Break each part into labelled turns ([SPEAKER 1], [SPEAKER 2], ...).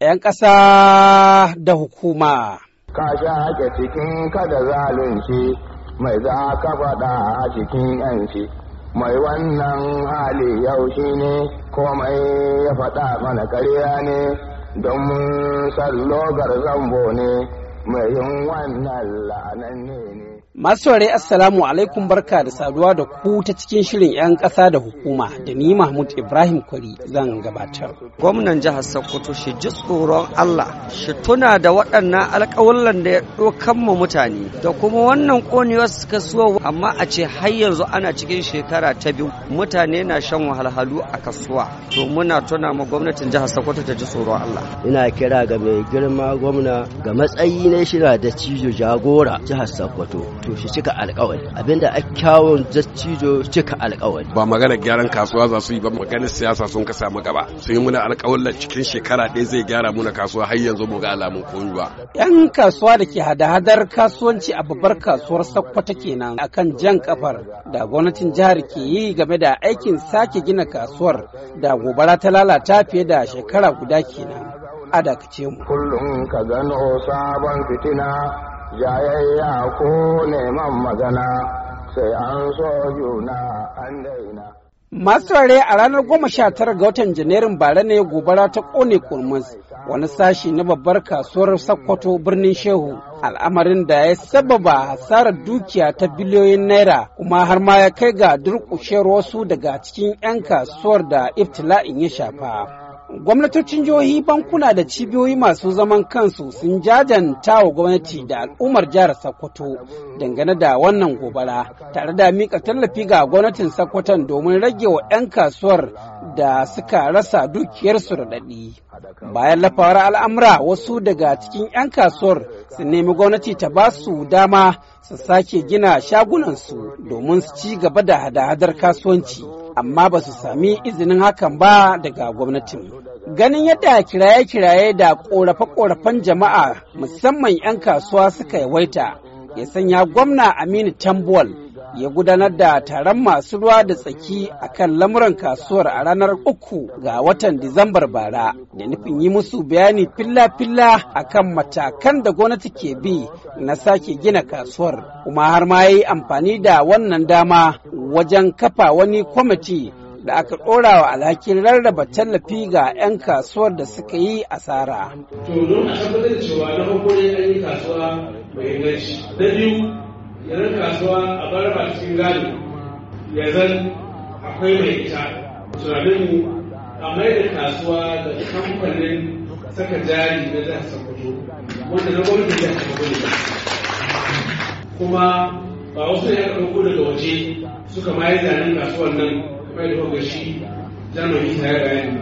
[SPEAKER 1] ‘yan ƙasa da
[SPEAKER 2] hukuma. Ka sha ake
[SPEAKER 1] cikin kada zalunci
[SPEAKER 2] mai za ka faɗa a cikin ‘yanci, mai wannan hali yau shi ne mai ya faɗa mana karya ne don sallogar zambo ne.
[SPEAKER 1] Masu ware Assalamu alaikum barka da saduwa da ku ta cikin shirin 'yan ƙasa da hukuma da ni Mahmud Ibrahim Kwari zan gabatar. Gwamnan jihar Sokoto shi ji
[SPEAKER 3] tsoron Allah shi tuna da waɗannan alƙawallan da ya ɗokan mu mutane da kuma wannan ƙoniyar suka suwa amma a ce har yanzu ana cikin shekara ta biyu mutane na shan wahalhalu a kasuwa to muna tuna ma gwamnatin jihar Sokoto ta ji tsoron Allah.
[SPEAKER 4] Ina kira ga mai girma gwamna ga matsayi na dai shira da cijo jagora jihar Sokoto to shi cika alƙawari abinda a kyawun da cijo cika
[SPEAKER 5] alƙawari ba magana gyaran kasuwa za su yi ba maganar siyasa sun kasa mu gaba sun yi muna alƙawarin cikin shekara ɗaya zai gyara muna kasuwa har yanzu mu ga alamun komi ba
[SPEAKER 1] yan kasuwa da ke hada-hadar kasuwanci a babbar kasuwar Sokoto kenan akan jan kafar da gwamnatin jihar ke yi game da aikin sake gina kasuwar da gobara ta lalata fiye da shekara guda kenan
[SPEAKER 2] a dakace mu kullum ka gano sabon fitina jayayya ko neman magana sai an so juna an daina
[SPEAKER 1] Masu rare a ranar goma sha tara ga watan Janairun bara ne gobara ta ƙone kurmus wani sashi na babbar kasuwar Sakkwato birnin Shehu al'amarin da ya sababa hasarar dukiya ta biliyoyin naira kuma har ma ya kai ga durƙushe wasu daga cikin 'yan kasuwar da iftila'in ya shafa. gwamnatocin jihohi bankuna da cibiyoyi masu zaman kansu sun jajanta wa gwamnati da al'ummar jihar sokoto dangane da wannan gobara tare da mika tallafi ga gwamnatin sokoton domin rage wa 'yan kasuwar da suka rasa dukiyarsu da daɗi bayan lafawar al'amura wasu daga cikin 'yan kasuwar su nemi gwamnati ta ba su dama su sake gina shagunansu domin su ci gaba da hada-hadar kasuwanci amma ba su sami izinin hakan ba daga gwamnatin ganin yadda kiraye-kiraye da korafe-korafen jama'a musamman 'yan kasuwa suka yawaita ya sanya gwamna aminu tambuwal ya gudanar da taron masu ruwa da tsaki a kan lamuran kasuwar a ranar uku ga watan Disambar bara da nufin yi musu bayani filla-filla a kan matakan da gwamnati ke bi na sake gina kasuwar kuma har ma ya yi amfani da wannan dama wajen kafa wani kwamiti da aka ɗora wa alhakin rarraba tallafi ga 'yan kasuwar da suka yi asara. To, a
[SPEAKER 6] tabbatar cewa na mai inganci. Na biyu, Yanar kasuwa a bar ba cikin gado ya zan akwai mai ita tunanin a mai da kasuwa da kamfanin saka jari na jihar sokoto wanda na gwamnati jihar sokoto ne kuma ba wasu ya aka ɗauko daga waje suka ma yi zanen kasuwar nan kamar da kuka shi jami'in ta yi bayani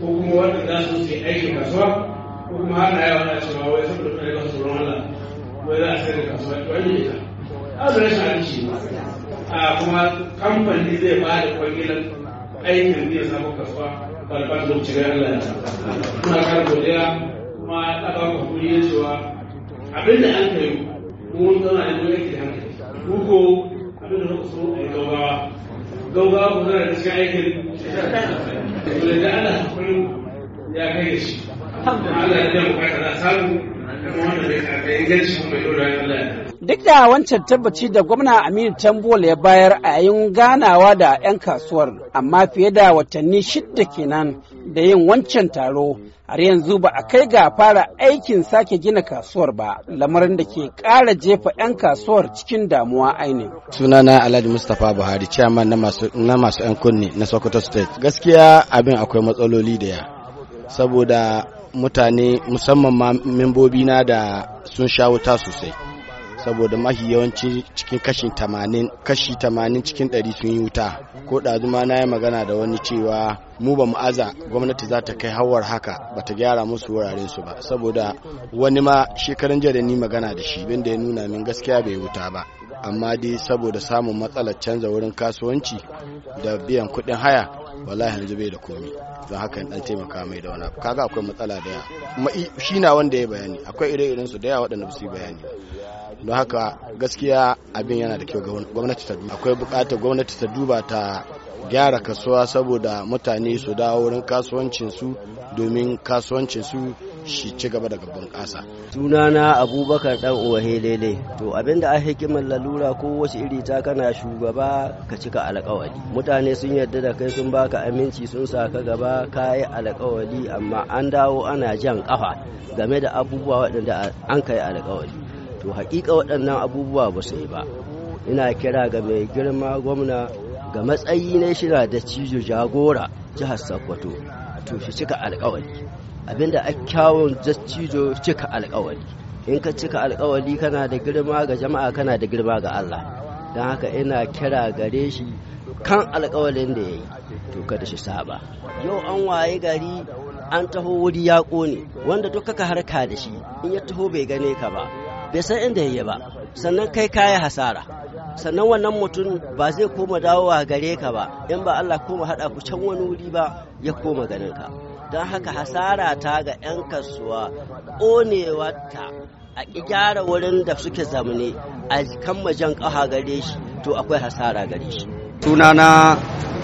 [SPEAKER 6] ko kuma waɗanda su su aikin kasuwa ko kuma har na yawa na cewa wai saboda kare kasuwar Allah wai za a sayar da kasuwa ta wani ne ta abu a kuma kamfani zai ba da kwangilan aikin zai samu kasuwa balban lokaci ga Allah na muna kar godiya kuma ɗaga ku kuri cewa abin da an kai wurin zama da dole ke hankali kuko abin da kuka so a yi gaugawa gaugawa ku zana da cikin aikin dole da Allah ya kai da shi Allah ya biya samu kuma wanda bai
[SPEAKER 1] Duk da wancan tabbaci da gwamna Aminu Tambola ya bayar a yayin ganawa da 'yan kasuwar, amma fiye da watanni shidda kenan da yin wancan taro, har yanzu ba a kai ga fara aikin sake gina kasuwar ba, lamarin da ke ƙara jefa 'yan kasuwar cikin damuwa aini.
[SPEAKER 7] Sunana Alhaji Mustapha Buhari, chairman na masu 'yan kunne na Sokoto State. Gaskiya abin akwai matsaloli da saboda mutane musamman ma membobi na da sun sha wuta sosai saboda mahi yawanci cikin kashi tamanin kashi tamanin cikin ɗari sun yi wuta ko ɗazuma na yi magana da wani cewa mu ba mu aza gwamnati za ta kai hawar haka ba ta gyara musu wuraren su ba saboda wani ma shekaran jiya ni magana da shi bin da ya nuna min gaskiya bai wuta ba amma dai saboda samun matsalar canza wurin kasuwanci da biyan kuɗin haya wallahi yanzu bai da komi don haka in dan taimaka mai da wani kaga akwai matsala da yawa shi na wanda ya bayani akwai ire-iren su da yawa waɗanda su yi bayani don haka gaskiya abin yana da kyau gwamnati ta duba akwai buƙatar gwamnati ta duba ta gyara kasuwa saboda mutane su dawo wurin kasuwancinsu domin kasuwancinsu shi ci gaba daga bunƙasa.
[SPEAKER 4] sunana abubakar dan uwa helele to abinda a hikimar lalura ko wasu iri ta kana shugaba ka cika alkawari mutane sun yarda da kai sun baka aminci sun sa ka gaba ka yi alkawari amma an dawo ana jan kafa game da abubuwa waɗanda an kai alkawari to hakika waɗannan abubuwa ba su yi ba ina kira ga mai girma gwamna ga matsayi na shira da cijo jagora jihar sokoto to shi cika alkawari abinda a kyawun zaccijo cika alkawali in ka cika alkawali kana da girma ga jama'a kana da girma ga Allah don haka ina kira gare shi kan alkawalin da ya yi to kada shi saba yau an waye gari an taho wuri ya ƙone, wanda duk ka harka da shi in ya taho bai gane ka ba bai san inda yayi ba sannan kai kaya hasara sannan wannan mutum ba zai koma dawowa gare ka ba in ba Allah koma haɗa ku can wani wuri ba ya koma ganin ka don haka hasara ta ga 'yan
[SPEAKER 3] kasuwa
[SPEAKER 4] ƙonewarta a gyara wurin da suke zamani a kan majan ƙaha gare shi to akwai hasara gare shi
[SPEAKER 3] sunana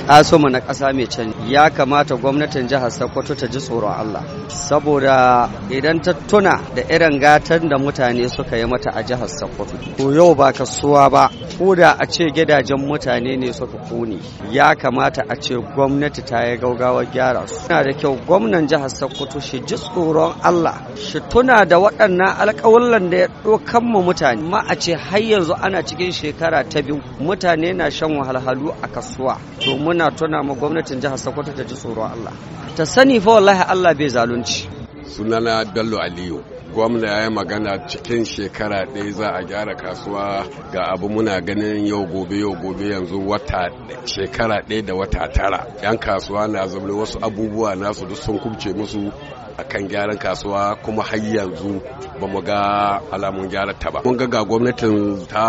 [SPEAKER 3] kasuma na ƙasa mai canji ya kamata gwamnatin jihar Sokoto ta ji tsoron Allah saboda idan ta tuna da irin gatan da mutane suka yi mata a jihar Sokoto to yau ba kasuwa ba ko da a ce gidajen mutane ne suka kone ya kamata a ce gwamnati ta yi gaugawa gyara su Ina da kyau gwamnan jihar Sokoto shi ji tsoron Allah shi tuna da waɗannan alƙawallan da ya ɗaukan mu mutane ma a ce har yanzu ana cikin shekara ta biyu mutane na shan wahalhalu a kasuwa to muna tuna ma gwamnatin jihar Sokoto ta ji tsoron Allah ta sani fa wallahi Allah bai zalunci sunana
[SPEAKER 5] Bello Aliyu gwamna ya yi magana cikin shekara ɗaya za a gyara kasuwa ga abu muna ganin yau gobe yau gobe yanzu wata shekara ɗaya da wata tara yan kasuwa na zaune wasu abubuwa nasu duk sun kubce musu a kan gyaran kasuwa kuma har yanzu ba mu ga alamun gyara ta ba mun ga ga gwamnatin ta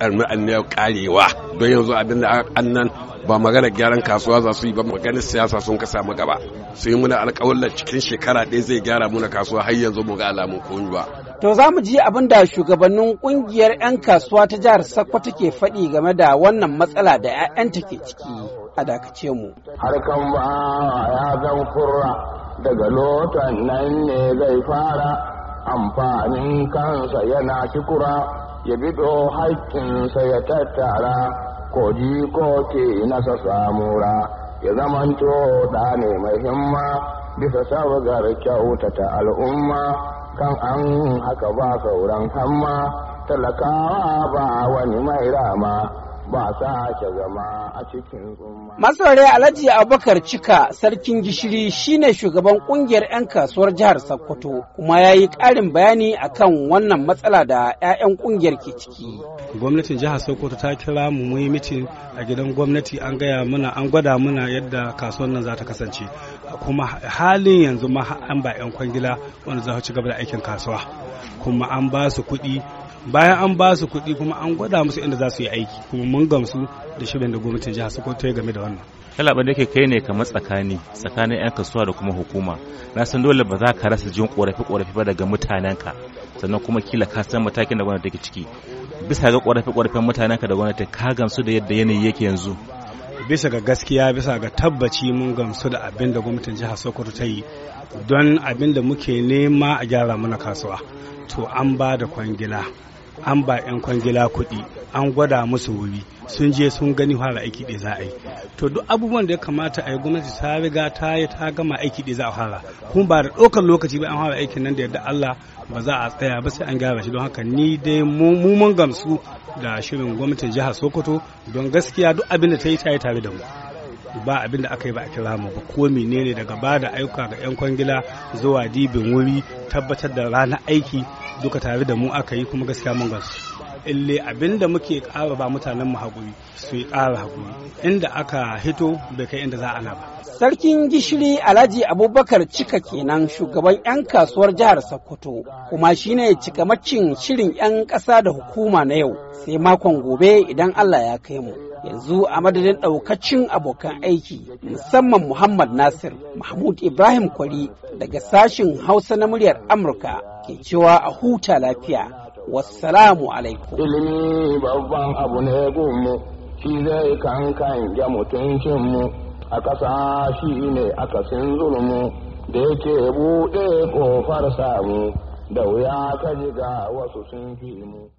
[SPEAKER 5] ɗarmi annayar karewa don yanzu abin da an nan ba magana gyaran kasuwa za su yi ba magana siyasa sun ka samu gaba sai muna alƙawarin cikin shekara ɗaya zai gyara muna kasuwa har yanzu mu ga alamun komi ba
[SPEAKER 1] to za mu ji abin da shugabannin ƙungiyar 'yan kasuwa ta jihar Sokoto ke faɗi game da wannan matsala da 'ya'yanta ke ciki a dakace mu
[SPEAKER 2] harkan ba ya zan kurra daga lotan nan ne zai fara amfanin kansa yana kikura ya bido haƙƙinsa ya tattara koji ko ke nasa samura ya zamanto da ne mai himma bisa sabgar kyautata al'umma kan an haka ba sauran hamma talakawa ba wani mai rama ba sake zama a cikin
[SPEAKER 1] Masaurai Alhaji Abubakar Cika sarkin gishiri shine shugaban kungiyar 'yan kasuwar jihar Sokoto kuma ya yi ƙarin bayani akan wannan matsala da 'ya'yan kungiyar ke ciki.
[SPEAKER 6] Gwamnatin jihar Sokoto ta kira mu muyi mitin a gidan gwamnati an gaya mana an gwada mana yadda kasuwar nan za ta kasance kuma halin yanzu ma an ba 'yan kwangila wanda za su ci gaba da aikin kasuwa kuma an ba su kuɗi bayan an ba su kuɗi kuma an gwada musu inda za su yi aiki kuma mun gamsu da shirin da gwamnatin jihar sokoto ya game da wannan kalaban da yake kai ne kamar tsakani tsakanin 'yan kasuwa da kuma hukuma na san dole ba za ka rasa jin korafi-korafi ba daga mutanenka sannan kuma kila ka san matakin da gwamnati take ciki bisa ga korafi-korafen mutanenka da gwamnati ka gamsu da yadda yanayi yake yanzu bisa ga gaskiya bisa ga tabbaci mun gamsu da abin da gwamnatin jihar sokoto ta yi don abin da muke nema a gyara mana kasuwa to an ba da kwangila an ba 'yan kwangila kuɗi an gwada musu wuri sun je sun gani fara aiki da za a yi to duk abubuwan da ya kamata a yi gwamnati ta riga ta yi ta gama aiki da za a fara kuma ba da ɗaukar lokaci ba an fara aikin nan da yadda Allah ba za a tsaya ba sai an gyara shi don haka ni dai mu mun gamsu da shirin gwamnatin jihar Sokoto don gaskiya duk abin da ta yi ta yi tare da mu ba abin da aka yi ba a kira mu ba ko menene daga ba da aika ga 'yan kwangila zuwa dibin wuri tabbatar da ranar aiki duka tare da mu aka yi kuma gaskiya mun gasu ille abinda muke ƙara ba mutanen mu haƙuri su yi ƙara haƙuri inda aka hito bai kai
[SPEAKER 1] inda za a ba. Sarkin gishiri Alhaji Abubakar Cika kenan shugaban 'yan kasuwar jihar Sokoto kuma shine cikamacin shirin 'yan ƙasa da hukuma na yau sai makon gobe idan Allah ya kai mu. Yanzu a madadin ɗaukacin abokan aiki musamman Muhammad Nasir Mahmud Ibrahim Kwari daga sashin Hausa na muryar Amurka ke cewa a huta lafiya. wassalamu alaikum
[SPEAKER 2] ilimi babban abu ne mu shi zai kankan ya mutuncinmu a ƙasa shi ne akasin zulmu da yake buɗe ƙofar samu da wuya ka ji ga wasu sun fi mu